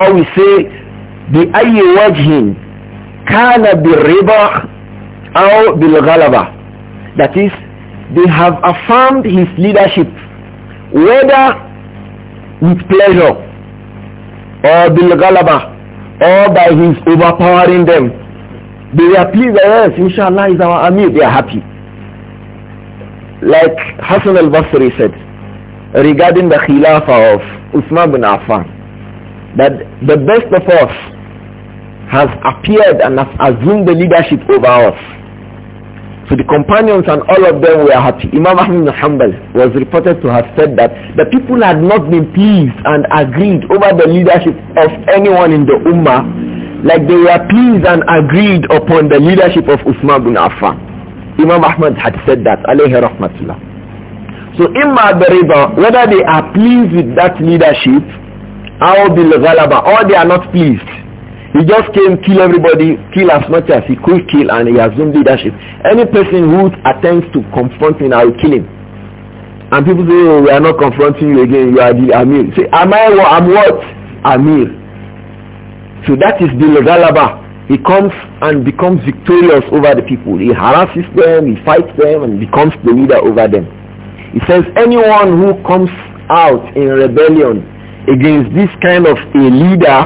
Or we say, بأي وجه كان بالربا bil بالغلبة That is, they have affirmed his leadership whether with pleasure or بالغلبة or by his overpowering them. They are pleased, yes, inshallah is our Amir, they are happy. Like Hasan al-Basri said regarding the Khilafah of Uthman bin Affan that the best of us has appeared and has assumed the leadership over us. So the companions and all of them were happy. Imam Ahmad was reported to have said that the people had not been pleased and agreed over the leadership of anyone in the Ummah like they were pleased and agreed upon the leadership of Usman bin Affan. Imam Ahmad had said that, alayhi rahmatullah. So Imam am whether they are pleased with that leadership how bil ghalaba. All they are not pleased. He just came, kill everybody, kill as much as he could kill, and he assumed leadership. Any person who attempts to confront him, I will kill him. And people say, oh, we are not confronting you again, you are the Amir. Say, am I what? I'm what? Amir. So that is the Galaba. He comes and becomes victorious over the people. He harasses them, he fights them, and becomes the leader over them. He says, anyone who comes out in rebellion against this kind of a leader,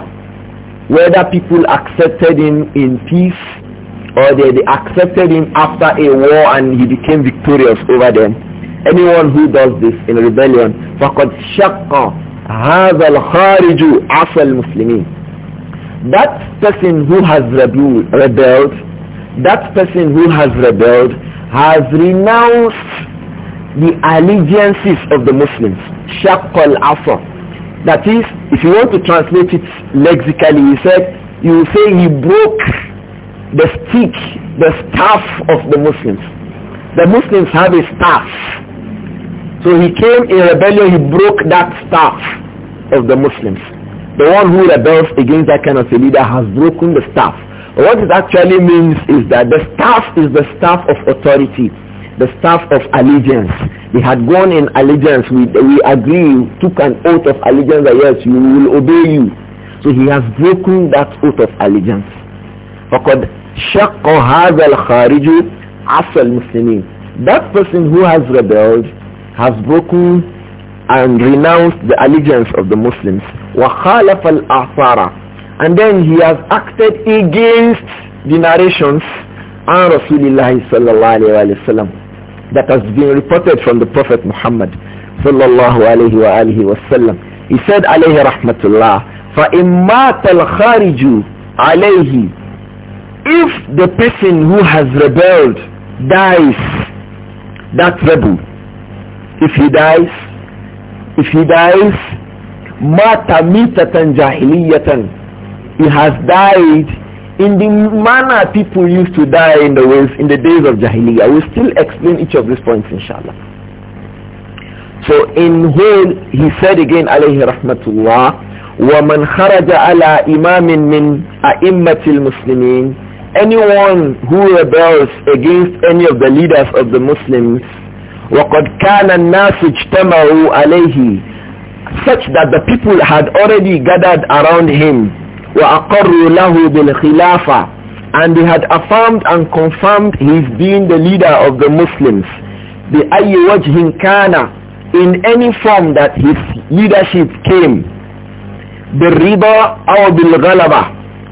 whether people accepted him in peace or they, they accepted him after a war and he became victorious over them. Anyone who does this in rebellion, فَقَدْ شَقَّ هَذَا الْخَارِجُ عَصَى الْمُسْلِمِينَ That person who has rebelled, that person who has rebelled has renounced the allegiances of the Muslims. شَقَّ الْعَصَى that is, if you want to translate it lexically, he said, you say he broke the stick, the staff of the Muslims. The Muslims have a staff. So he came in rebellion, he broke that staff of the Muslims. The one who rebels against that kind of a leader has broken the staff. what it actually means is that the staff is the staff of authority, the staff of allegiance they had gone in allegiance. We, we agree, took an oath of allegiance that yes, we will obey you. So he has broken that oath of allegiance. فقد شق هذا الخارج عصى المسلمين. That person who has rebelled has broken and renounced the allegiance of the Muslims. وخالف الأعصار. And then he has acted against the narrations عن رسول الله صلى الله عليه وسلم that has been reported from the Prophet Muhammad sallallahu alayhi wa alihi wasallam. He said alayhi rahmatullah, فَإِمَّاتَ الْخَارِجُ alayhi If the person who has rebelled dies, that rebel, if he dies, if he dies, مَاتَ مِيتَةً جَاهِلِيَّةً He has died in the manner people used to die in the ways in the days of Jahiliyyah. We'll still explain each of these points inshallah. So in whole he said again alayhi rahmatullah وَمَنْ خَرَجَ عَلَى إِمَامٍ مِّنْ أَئِمَّةِ الْمُسْلِمِينَ Anyone who rebels against any of the leaders of the Muslims وَقَدْ كَانَ النَّاسُ اجْتَمَعُوا عَلَيْهِ Such that the people had already gathered around him وَأَقَرُّوا لَهُ بِالْخِلَافَةِ and they had affirmed and confirmed his being the leader of the Muslims بِأَيِّ وَجْهٍ كَانَ in any form that his leadership came بِالرِّضَى أَوْ بِالْغَلَبَةِ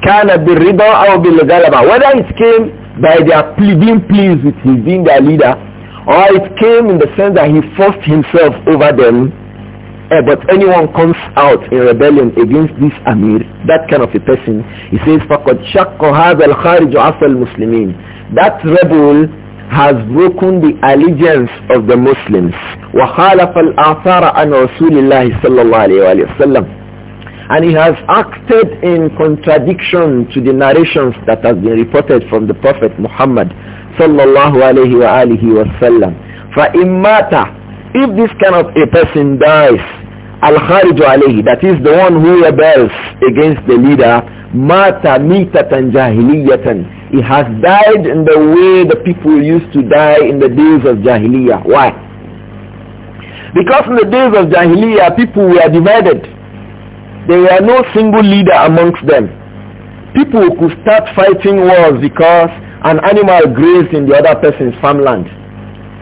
كَانَ بِالرِّضَى أَوْ بِالْغَلَبَةِ whether it came by their being pleased with his being their leader or it came in the sense that he forced himself over them Eh, but anyone comes out in rebellion against this Amir, that kind of a person, he says, فَقَدْ شَقَّ هَذَا الْخَارِجُ عَصَى الْمُسْلِمِينَ That rebel has broken the allegiance of the Muslims. وَخَالَفَ الْآثَارَ عَنْ رَسُولِ اللَّهِ صَلَّى اللَّهُ عَلَيْهِ وَسَلَّمَ and he has acted in contradiction to the narrations that has been reported from the Prophet Muhammad sallallahu alayhi wa alihi wasallam. فَإِمَّاتَ If this kind of a person dies, Al-Khariju alayhi, that is the one who rebels against the leader, mata mitatan jahiliyatan. He has died in the way the people used to die in the days of Jahiliyyah. Why? Because in the days of Jahiliyyah, people were divided. There were no single leader amongst them. People could start fighting wars because an animal grazed in the other person's farmland.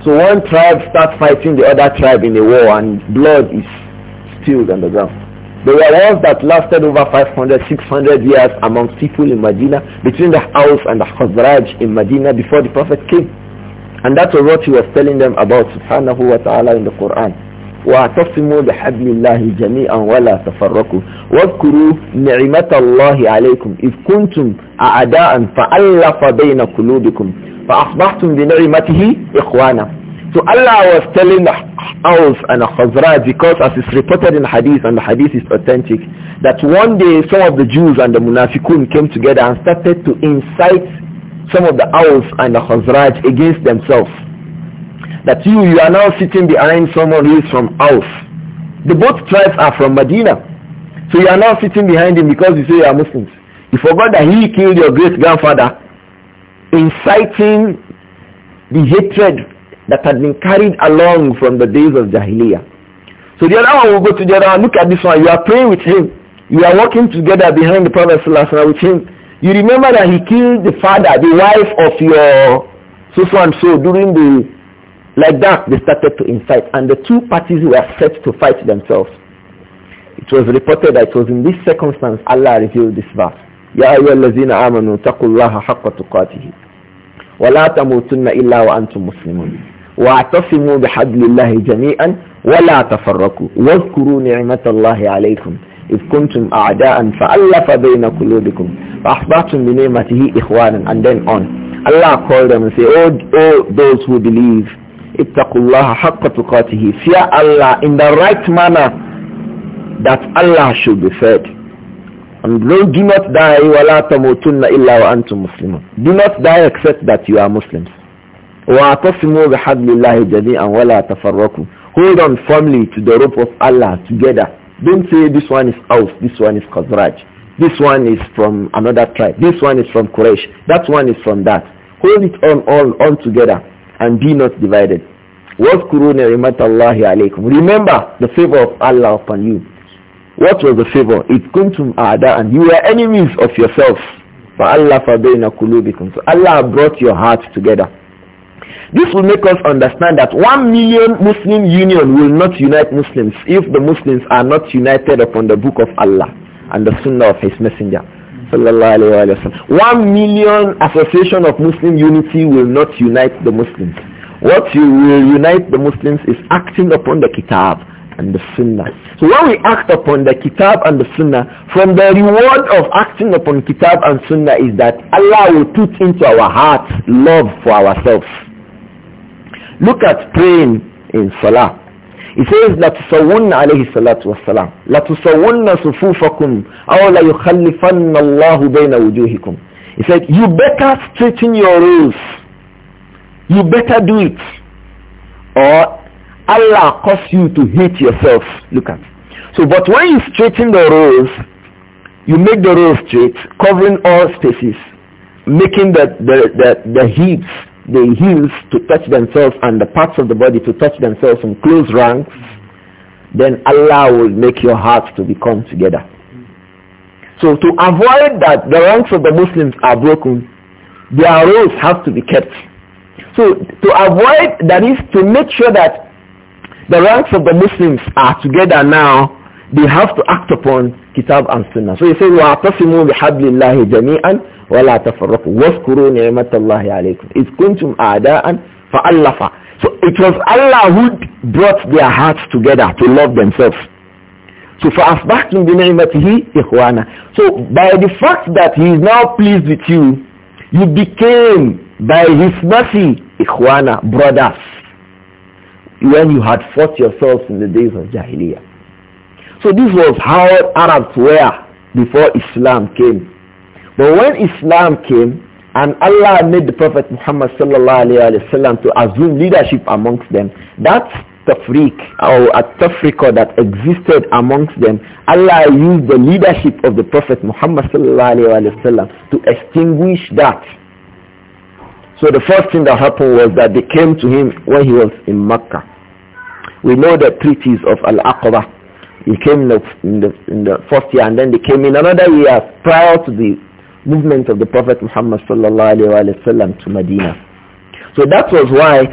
So one tribe starts fighting the other tribe in a war and blood is spilled on the ground. There were wars that lasted over 500, 600 years amongst people in Medina, between the house and the Khazraj in Medina before the Prophet came. And that was what he was telling them about subhanahu wa ta'ala in the Quran. واعتصموا بحبل الله جميعا ولا تفرقوا واذكروا نعمة الله عليكم إذ كنتم أعداء فألف بين قلوبكم فأصبحتم بنعمته إخوانا So Allah was telling the Aus and Khazraj because as is reported in hadith and the hadith is authentic that one day some of the Jews and the Munafiqun came together and started to incite some of the Aus and the Khazraj against themselves. That you, you are now sitting behind someone who is from Aus. The both tribes are from Medina. So you are now sitting behind him because you say you are Muslims. You forgot that he killed your great grandfather, inciting the hatred that had been carried along from the days of Jahiliyyah. So the other one will go to the other one. Look at this one. You are praying with him. You are walking together behind the Prophet with him. You remember that he killed the father, the wife of your so and so during the like that they started to incite and the two parties were set to fight themselves. It was reported that it was in this circumstance Allah revealed this verse. يا أيها الذين آمنوا اتقوا الله حق تقاته ولا تموتن إلا وأنتم مسلمون واعتصموا بحبل الله جميعا ولا تفرقوا واذكروا نعمة الله عليكم إذ كنتم أعداء فألف بين قلوبكم فأحببتم بنعمته إخوانا and then on Allah called them and said oh, oh those who believe اتقوا الله حق تقاته fear Allah in the right manner that Allah should be feared and do not die ولا تموتن إلا وأنتم مسلمون do not die except that you are Muslims وَاعْتَصِمُوا بِحَبْلِ اللَّهِ جَمِيعًا وَلَا تَفَرَّقُوا Hold on firmly to the rope of Allah together. Don't say this one is Aus, this one is Khazraj, this one is from another tribe, this one is from Quraysh, that one is from that. Hold it on all on together and be not divided. واذكروا نعمة Allah عليكم Remember the favor of Allah upon you. What was the favor? It from a'da and you were enemies of yourself. فَأَلَّفَ بَيْنَ قُلُوبِكُمْ So Allah brought your hearts together. This will make us understand that one million Muslim union will not unite Muslims if the Muslims are not united upon the book of Allah and the sunnah of his messenger. One million association of Muslim unity will not unite the Muslims. What will unite the Muslims is acting upon the kitab and the sunnah. So when we act upon the kitab and the sunnah, from the reward of acting upon kitab and sunnah is that Allah will put into our hearts love for ourselves. Look at praying in salah. It says that salatu لَتُسَوُّنَّ عَلَيْهِ الصَّلَاةُ وَالسَّلَامُ لَتُسَوُّنَّ صُفُوفَكُمْ أَوْ لَيُخَلِّفَنَّ Allahu bayna وُجُوهِكُمْ He said, you better straighten your rows You better do it. Or Allah cause you to hate yourself. Look at So but when you straighten the rows you make the rows straight, covering all spaces, making the, the, the, the heaps the heels to touch themselves and the parts of the body to touch themselves in close ranks, then Allah will make your hearts to become together. So to avoid that the ranks of the Muslims are broken, their rules have to be kept. So to avoid, that is to make sure that the ranks of the Muslims are together now, they have to act upon Kitab and Sunnah. So you say, وَاعْتَصِمُوا بِحَبْلِ اللَّهِ جَمِيعًا ولا تفرقوا واذكروا نعمة الله عليكم إذ كنتم أعداء فألف So it was Allah who brought their hearts together to love themselves. So فَأَصْبَحْتُمْ بِنِعْمَتِهِ إِخْوَانًا So by the fact that he is now pleased with you, you became by his mercy إِخْوَانًا brothers when you had fought yourselves in the days of Jahiliyyah. So this was how Arabs were before Islam came. But when Islam came and Allah made the Prophet Muhammad sallallahu to assume leadership amongst them, that tafriq or a tafriqa that existed amongst them, Allah used the leadership of the Prophet Muhammad sallallahu to extinguish that. So the first thing that happened was that they came to him when he was in Mecca. We know the treaties of Al-Aqaba. He came in the, in the, in the first year and then they came in another year prior to the movement of the Prophet Muhammad to Medina. So that was why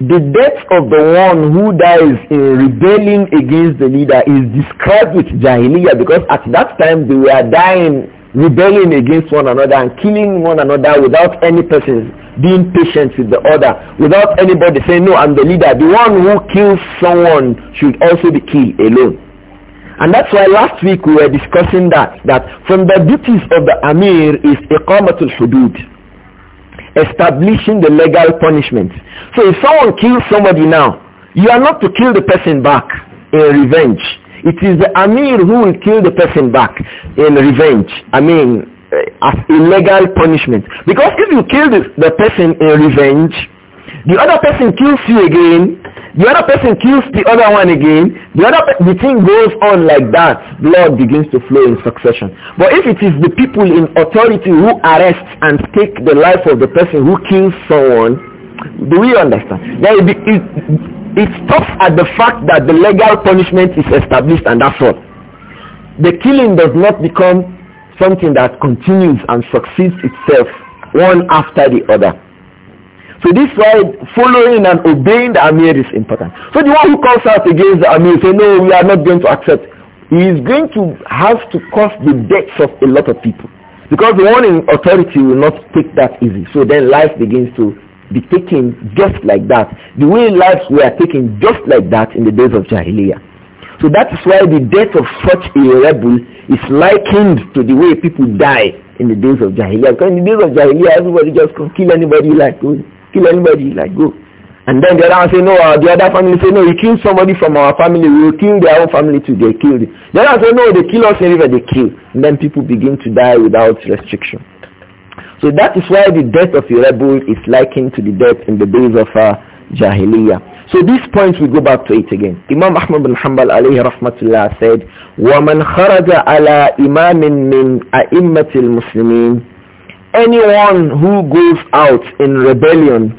the death of the one who dies in rebelling against the leader is described with Jahiliyyah because at that time they were dying rebelling against one another and killing one another without any person being patient with the other, without anybody saying, no, I'm the leader. The one who kills someone should also be killed alone. And that's why last week we were discussing that, that from the duties of the Amir is Iqamatul Hudud, establishing the legal punishment. So if someone kills somebody now, you are not to kill the person back in revenge. It is the Amir who will kill the person back in revenge. I mean, uh, as illegal punishment. Because if you kill the, the person in revenge, the other person kills you again, the other person kills the other one again, the other the thing goes on like that. Blood begins to flow in succession. But if it is the people in authority who arrest and take the life of the person who kills someone, do we understand? Then it, it, it stops at the fact that the legal punishment is established and that's all. The killing does not become something that continues and succeeds itself one after the other. So this why following and obeying the Amir is important. So the one who calls out against the Amir say, no, we are not going to accept. He is going to have to cost the deaths of a lot of people. Because the one in authority will not take that easy. So then life begins to be taken just like that. The way lives were taken just like that in the days of Jahiliyyah. So that is why the death of such a rebel is likened to the way people die in the days of Jahiliyyah. Because in the days of Jahiliyyah, everybody just could kill anybody like kill anybody, like go. And then the other one say, no, uh, the other family say, no, you kill somebody from our family, we kill their own family too, they killed. It. The other one say, no, they kill us in river, they kill. And then people begin to die without restriction. So that is why the death of your rebel is likened to the death in the days of uh, Jahiliyyah. So these points we go back to it again. Imam Ahmad bin Hanbal alayhi rahmatullah said, وَمَنْ خَرَجَ عَلَى إِمَامٍ مِّنْ أَئِمَّةِ الْمُسْلِمِينَ anyone who goes out in rebellion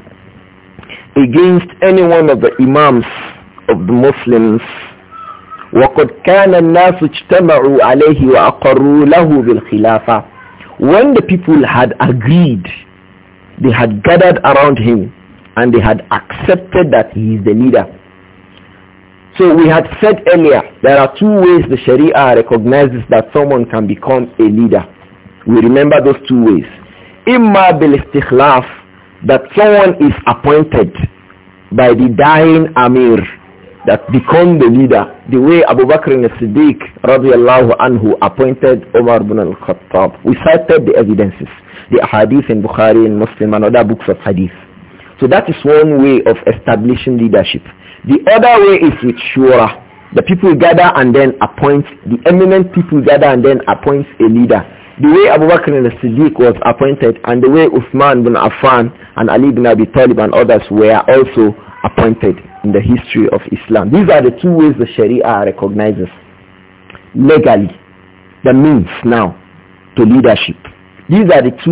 against any one of the imams of the Muslims وقد كان الناس اجتمعوا عليه وأقروا له بالخلافة when the people had agreed they had gathered around him and they had accepted that he is the leader so we had said earlier there are two ways the Sharia recognizes that someone can become a leader we remember those two ways. Imma bil istikhlaf, that someone is appointed by the dying Amir that become the leader, the way Abu Bakr as-Siddiq radiallahu anhu appointed Umar ibn al-Khattab. We cited the evidences, the hadith in Bukhari and Muslim and other books of hadith. So that is one way of establishing leadership. The other way is with shura. The people gather and then appoint, the eminent people gather and then appoint a leader. The way Abu Bakr al-Siddiq was appointed and the way Uthman bin Affan and Ali bin Abi Talib and others were also appointed in the history of Islam. These are the two ways the Sharia recognizes legally the means now to leadership. These are the two